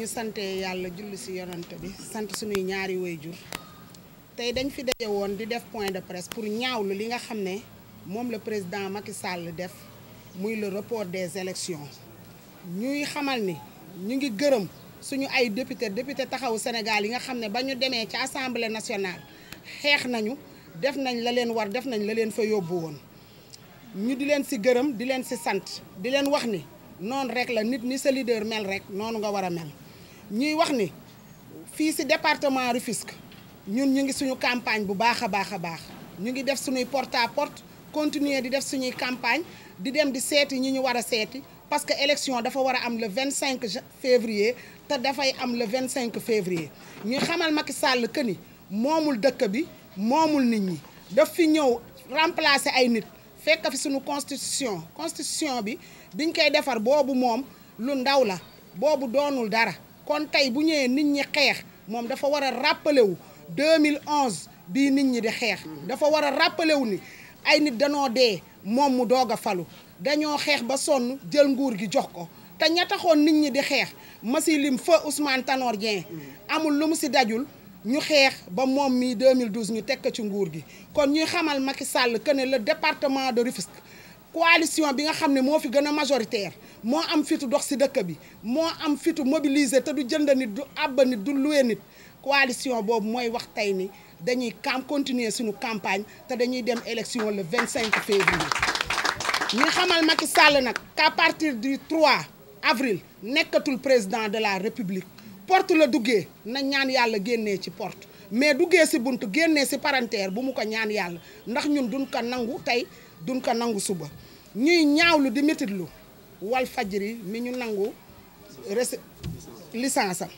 ñu sante yàlla julli ci yonante bi sant suñuy ñaari waajur tey dañ fi daje woon di def point de presse pour ñaaw ñaawlu li nga xam ne moom la président Macky Sall def muy le report des élections ñuy xamal ni ñu ngi gërëm suñu ay député député taxawu Sénégal yi nga xam ne ba ñu demee ci assemblée nationale xeex nañu def nañ la leen war def nañ la leen fa yóbbu woon ñu di leen ci gërëm di leen ci sant di leen wax ni noonu rek la nit ni sa leader mel rek noonu nga war a mel ñuy wax ni fii ci département Rufisque ñun ñu ngi suñu campagne bu baax a baax a baax ñu ngi def suñuy porta à porte continuer di def suñuy campagne di dem di seeti ñu ñu war a seeti parce que élection dafa war a am le 25 février te dafay am le cinq février ñuy xamal Macky Sall que ni moomul dëkk bi moomul nit ñi def fi ñëw remplacer ay nit fekk fi suñu constitution constitution bi biñ koy defar boobu moom lu ndaw la boobu doonul dara kon tey bu ñëwee nit ñi xeex moom dafa war a rappelé wu 2011 bii nit ñi di xeex. Mm-hmm. dafa war a rappelé wu ni ay nit danoo dee moom mu doog a falu dañoo xeex ba sonn jël nguur gi jox ko. te ña taxoon nit ñi di xeex ma si lim fa Ousmane Tanor Dieng mm-hmm. amul lu mu si dajul ñu xeex ba moom mii 2012 ñu teg ko ci nguur gi kon ñuy xamal Macky Sall que ne le département de Rufisque coalition bi nga xamné mo fi gëna majoritaire mo am fitu dox ci dëkk bi mo am fitu mobiliser te du jënd nit du abani du luwe nit coalition bobu moy wax tay ni dañuy camp continuer suñu campagne te dañuy dem élection le 25 février ñi xamal Macky Sall nak qu'à partir du 3 avril nekkatul président de la république porte la duggé na ñaan yalla génné ci porte mais duggee si bunt génnee si paranteer bu mu ko ñaan yàlla ndax ñun duñ ko nangu tey duñ ko nangu suba ñuy ñaawlu di métitlu Walfadjri mi ñu nangu rece licence am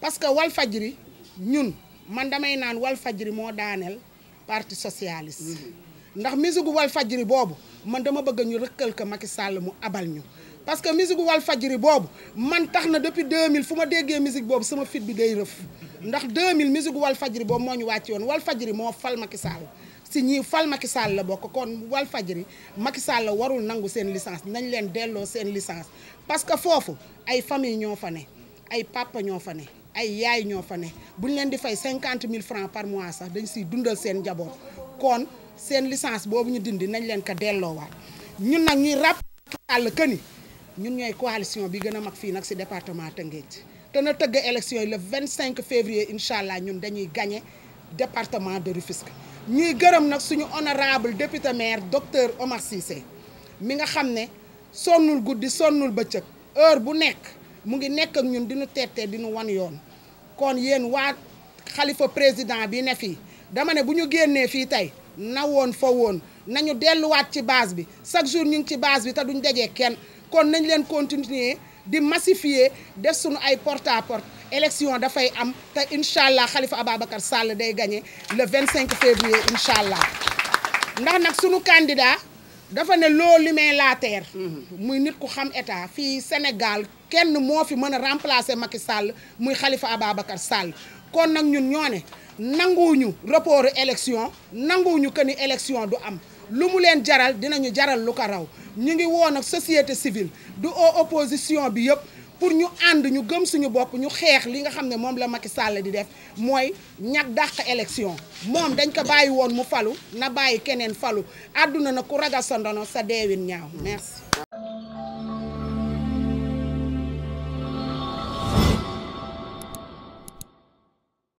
parce que Walfadjri ñun man damay naan wal Walfadjri moo daaneel parti socialiste mhm. ndax musigu Walfadjri boobu man dama bëgg ñu rëkkal ko Macky Sall mu abal ñu parce que musigu Walfadjri boobu man tax na depuis mille fu ma déggee musique boobu sama fit bi day rëf ndax 2000 musique wal fajri boobu moo ñu wàcc woon wal fajri moo fal Macky Sall si ñii fal Macky Sall la bokk kon wal faj Macky Sall la warul nangu seen licence nañ leen delloo seen licence parce que foofu ay famille ñoo fa ay papa fa ne ay yaay ñoo fa bu ñu leen di fay cinquante mille francs par mois sax dañ siy dundal seen njaboot kon seen licence boobu ñu dindi nañ leen ko delloowaat ñun nag ñuy ràpp àll këni ñun ñooy coalition bi gën a mag fii nag si département Tëngéej dana tëgg élection yi vingt cinq février incha allah ñun dañuy gagné département de Rufisque ñuy gërëm nag suñu honorable député maire docteur Omar mi nga xam ne sonnul guddi sonnul bëccëg heure bu nekk mu ngi nekk ak ñun dina diñu teetee diñu wan yoon kon yéen waa xalifa président bi ne fii dama ne bu ñu génnee fii tey na woon fa woon nañu delluwaat ci base bi chaque jour ñu ngi ci base bi te duñ dajee kenn kon nañu leen continuer di massifier des suñu ay porte à porte élection fay am té inshallah Khalifa ababakar Sall day gagné le 25 février inshallah ndax nak sunu candidat dafa ne l'eau l'humain la terre. muy nit ko xam état fi Sénégal kenn mo fi meuna remplacer Macky Sall muy Khalifa ababakar Sall kon nak ñun ñone ne ñu report élection ñu que ni élection du am. lu mu leen jaral dinañu jaral lu ko raw ñu ngi woon ak société civile du opposition bi yëpp pour ñu ànd ñu gëm suñu bopp ñu xeex li nga xam ne moom la Macky Sall di def mooy ñag dàq élection moom dañ ko bàyyi woon mu falu na bàyyi keneen falu àdduna na ku ragal sa ndono sa deewin ñaaw merci